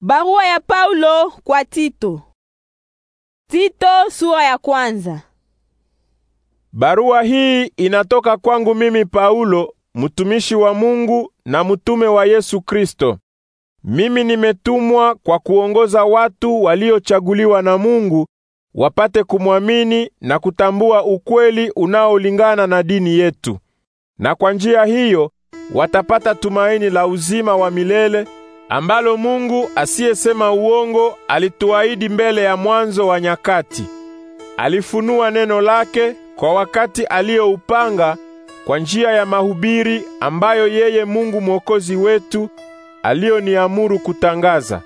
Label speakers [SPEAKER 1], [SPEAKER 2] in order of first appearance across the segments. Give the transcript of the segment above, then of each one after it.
[SPEAKER 1] Barua ya Paulo kwa Tito. Tito sura ya kwanza. Barua hii inatoka kwangu mimi Paulo, mtumishi wa Mungu na mtume wa Yesu Kristo. Mimi nimetumwa kwa kuongoza watu waliochaguliwa na Mungu wapate kumwamini na kutambua ukweli unaolingana na dini yetu. Na kwa njia hiyo watapata tumaini la uzima wa milele ambalo Mungu asiyesema uongo alituahidi mbele ya mwanzo wa nyakati. Alifunua neno lake kwa wakati aliyoupanga kwa njia ya mahubiri ambayo yeye Mungu Mwokozi wetu aliyoniamuru kutangaza.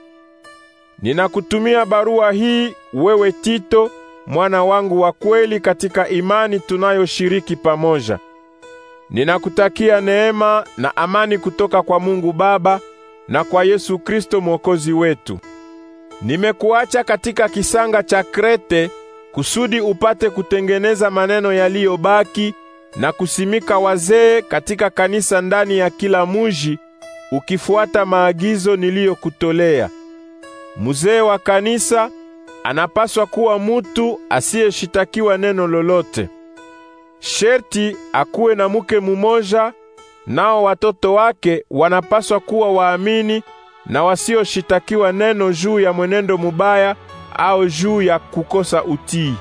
[SPEAKER 1] Ninakutumia barua hii wewe Tito, mwana wangu wa kweli katika imani tunayoshiriki pamoja. Ninakutakia neema na amani kutoka kwa Mungu Baba na kwa Yesu Kristo Mwokozi wetu. Nimekuacha katika kisanga cha Krete kusudi upate kutengeneza maneno yaliyobaki na kusimika wazee katika kanisa ndani ya kila muji, ukifuata maagizo niliyokutolea. Mzee wa kanisa anapaswa kuwa mutu asiyeshitakiwa neno lolote. Sherti akuwe na muke mumoja nao watoto wake wanapaswa kuwa waamini na wasioshitakiwa neno juu ya mwenendo mubaya au juu ya kukosa utii.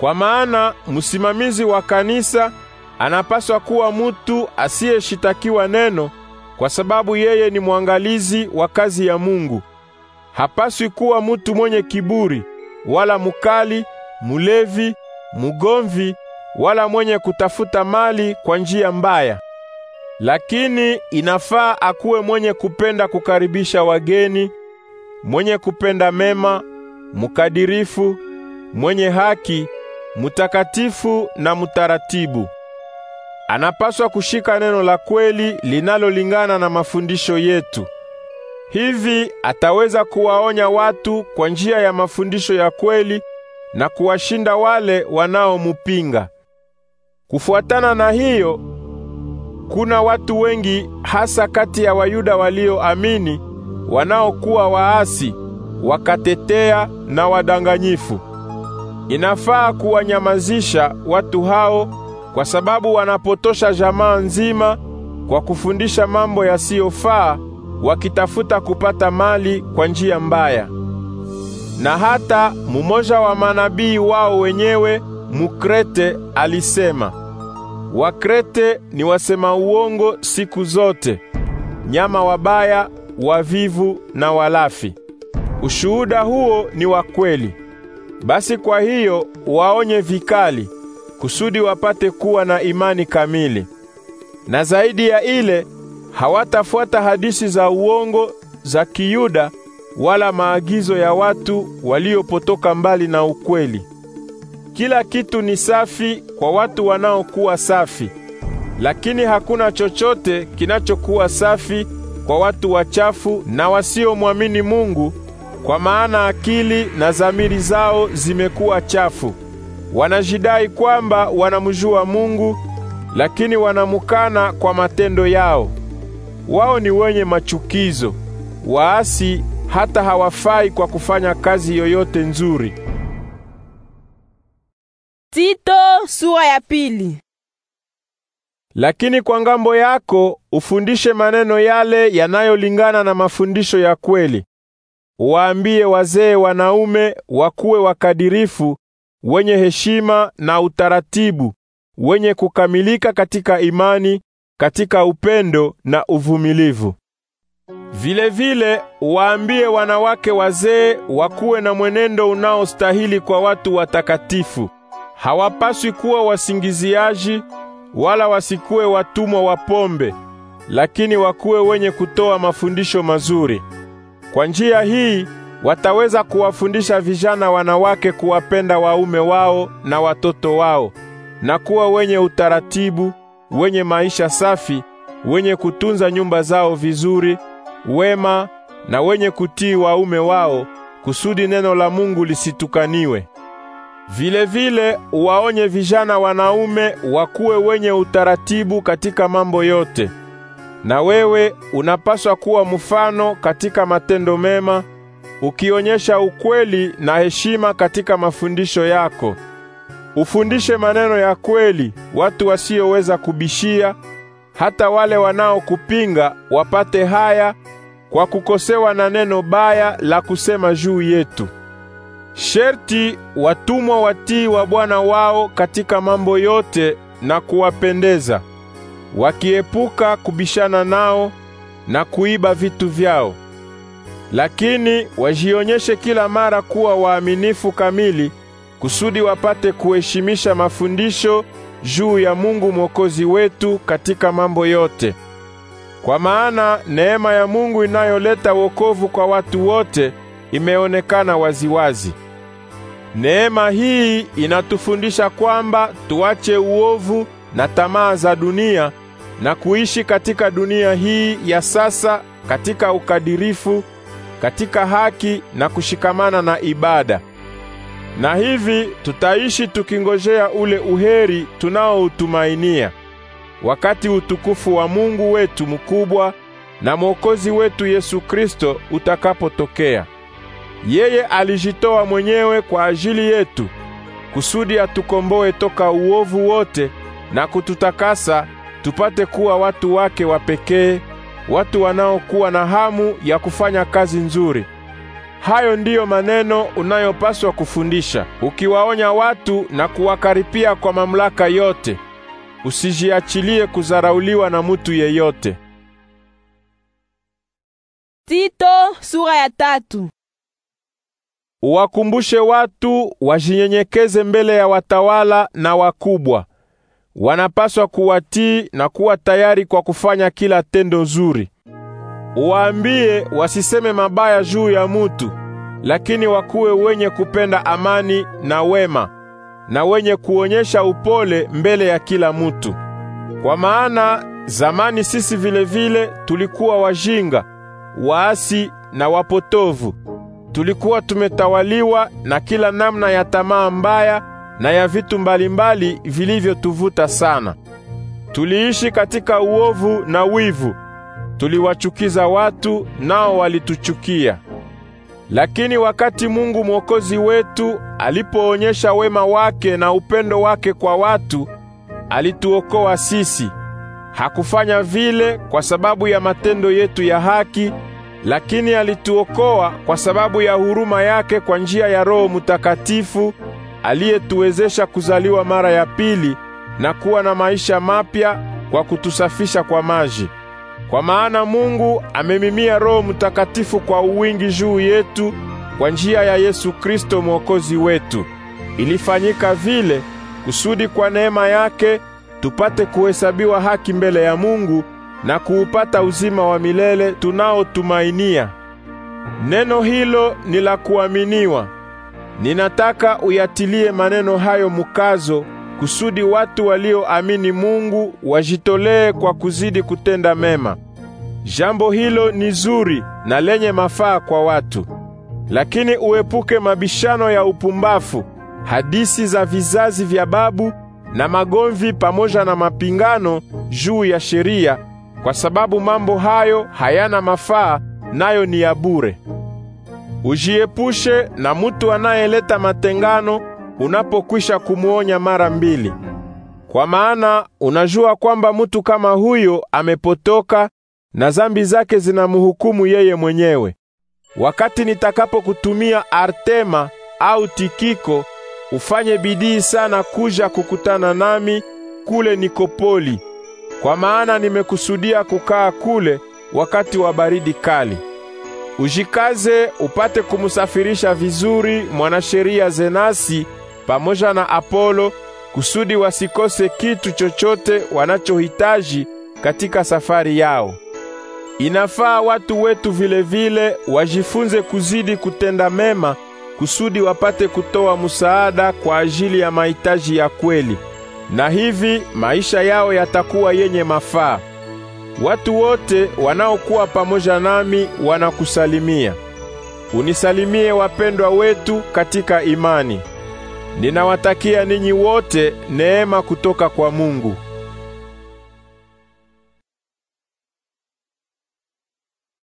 [SPEAKER 1] Kwa maana msimamizi wa kanisa anapaswa kuwa mutu asiyeshitakiwa neno, kwa sababu yeye ni mwangalizi wa kazi ya Mungu. Hapaswi kuwa mutu mwenye kiburi, wala mukali, mulevi, mugomvi, wala mwenye kutafuta mali kwa njia mbaya. Lakini inafaa akuwe mwenye kupenda kukaribisha wageni, mwenye kupenda mema, mkadirifu, mwenye haki, mtakatifu na mtaratibu. Anapaswa kushika neno la kweli linalolingana na mafundisho yetu. Hivi ataweza kuwaonya watu kwa njia ya mafundisho ya kweli na kuwashinda wale wanaomupinga. Kufuatana na hiyo kuna watu wengi hasa kati ya Wayuda walioamini wanaokuwa waasi, wakatetea na wadanganyifu. Inafaa kuwanyamazisha watu hao kwa sababu wanapotosha jamaa nzima kwa kufundisha mambo yasiyofaa wakitafuta kupata mali kwa njia mbaya. Na hata mumoja wa manabii wao wenyewe Mukrete alisema Wakrete ni wasema uongo siku zote, nyama wabaya, wavivu na walafi. Ushuhuda huo ni wa kweli. Basi kwa hiyo waonye vikali, kusudi wapate kuwa na imani kamili. Na zaidi ya ile, hawatafuata hadisi za uongo za Kiyuda wala maagizo ya watu waliopotoka mbali na ukweli. Kila kitu ni safi kwa watu wanaokuwa safi, lakini hakuna chochote kinachokuwa safi kwa watu wachafu na wasiomwamini Mungu, kwa maana akili na zamiri zao zimekuwa chafu. Wanajidai kwamba wanamjua Mungu, lakini wanamukana kwa matendo yao. Wao ni wenye machukizo, waasi hata hawafai kwa kufanya kazi yoyote nzuri. Tito sura ya pili. Lakini kwa ngambo yako ufundishe maneno yale yanayolingana na mafundisho ya kweli. Waambie wazee wanaume wakuwe wakadirifu, wenye heshima na utaratibu, wenye kukamilika katika imani, katika upendo na uvumilivu. Vile vile waambie wanawake wazee wakuwe na mwenendo unaostahili kwa watu watakatifu. Hawapaswi kuwa wasingiziaji wala wasikuwe watumwa wa pombe, lakini wakuwe wenye kutoa mafundisho mazuri. Kwa njia hii wataweza kuwafundisha vijana wanawake kuwapenda waume wao na watoto wao na kuwa wenye utaratibu, wenye maisha safi, wenye kutunza nyumba zao vizuri, wema na wenye kutii waume wao, kusudi neno la Mungu lisitukaniwe. Vilevile waonye vijana wanaume wakuwe wenye utaratibu katika mambo yote. Na wewe unapaswa kuwa mfano katika matendo mema, ukionyesha ukweli na heshima katika mafundisho yako. Ufundishe maneno ya kweli watu wasioweza kubishia, hata wale wanaokupinga wapate haya kwa kukosewa na neno baya la kusema juu yetu. Sherti watumwa watii wa bwana wao katika mambo yote na kuwapendeza, wakiepuka kubishana nao na kuiba vitu vyao. Lakini wajionyeshe kila mara kuwa waaminifu kamili, kusudi wapate kuheshimisha mafundisho juu ya Mungu Mwokozi wetu katika mambo yote. Kwa maana neema ya Mungu inayoleta wokovu kwa watu wote imeonekana waziwazi. Neema hii inatufundisha kwamba tuache uovu na tamaa za dunia na kuishi katika dunia hii ya sasa katika ukadirifu, katika haki na kushikamana na ibada. Na hivi tutaishi tukingojea ule uheri tunaoutumainia, wakati utukufu wa Mungu wetu mkubwa na Mwokozi wetu Yesu Kristo utakapotokea. Yeye alijitoa mwenyewe kwa ajili yetu kusudi atukomboe toka uovu wote na kututakasa tupate kuwa watu wake wa pekee, watu wanaokuwa na hamu ya kufanya kazi nzuri. Hayo ndiyo maneno unayopaswa kufundisha, ukiwaonya watu na kuwakaripia kwa mamlaka yote. Usijiachilie kuzarauliwa na mutu yeyote. Tito sura ya tatu. Uwakumbushe watu wajinyenyekeze mbele ya watawala na wakubwa. Wanapaswa kuwatii na kuwa tayari kwa kufanya kila tendo zuri. Uwaambie wasiseme mabaya juu ya mutu, lakini wakuwe wenye kupenda amani na wema na wenye kuonyesha upole mbele ya kila mutu. Kwa maana zamani sisi vile vile tulikuwa wajinga, waasi na wapotovu tulikuwa tumetawaliwa na kila namna ya tamaa mbaya na ya vitu mbalimbali vilivyotuvuta sana. Tuliishi katika uovu na wivu, tuliwachukiza watu nao walituchukia. Lakini wakati Mungu Mwokozi wetu alipoonyesha wema wake na upendo wake kwa watu, alituokoa sisi. Hakufanya vile kwa sababu ya matendo yetu ya haki lakini alituokoa kwa sababu ya huruma yake kwa njia ya Roho Mutakatifu aliyetuwezesha kuzaliwa mara ya pili na kuwa na maisha mapya kwa kutusafisha kwa maji. Kwa maana Mungu amemimia Roho Mtakatifu kwa uwingi juu yetu kwa njia ya Yesu Kristo mwokozi wetu. Ilifanyika vile kusudi kwa neema yake tupate kuhesabiwa haki mbele ya Mungu na kuupata uzima wa milele tunaotumainia. Neno hilo ni la kuaminiwa. Ninataka uyatilie maneno hayo mukazo kusudi watu walioamini Mungu wajitolee kwa kuzidi kutenda mema. Jambo hilo ni zuri na lenye mafaa kwa watu. Lakini uepuke mabishano ya upumbafu, hadisi za vizazi vya babu na magomvi pamoja na mapingano juu ya sheria kwa sababu mambo hayo hayana mafaa, nayo ni ya bure. Ujiepushe na mutu anayeleta matengano unapokwisha kumwonya mara mbili, kwa maana unajua kwamba mutu kama huyo amepotoka na zambi zake zinamhukumu yeye mwenyewe. Wakati nitakapokutumia Artema au Tikiko, ufanye bidii sana kuja kukutana nami kule Nikopoli kwa maana nimekusudia kukaa kule wakati wa baridi kali. Ujikaze upate kumsafirisha vizuri mwanasheria Zenasi pamoja na Apolo kusudi wasikose kitu chochote wanachohitaji katika safari yao. Inafaa watu wetu vilevile wajifunze kuzidi kutenda mema kusudi wapate kutoa msaada kwa ajili ya mahitaji ya kweli na hivi maisha yao yatakuwa yenye mafaa. Watu wote wanaokuwa pamoja nami wanakusalimia. Unisalimie wapendwa wetu katika imani. Ninawatakia ninyi wote neema kutoka kwa Mungu.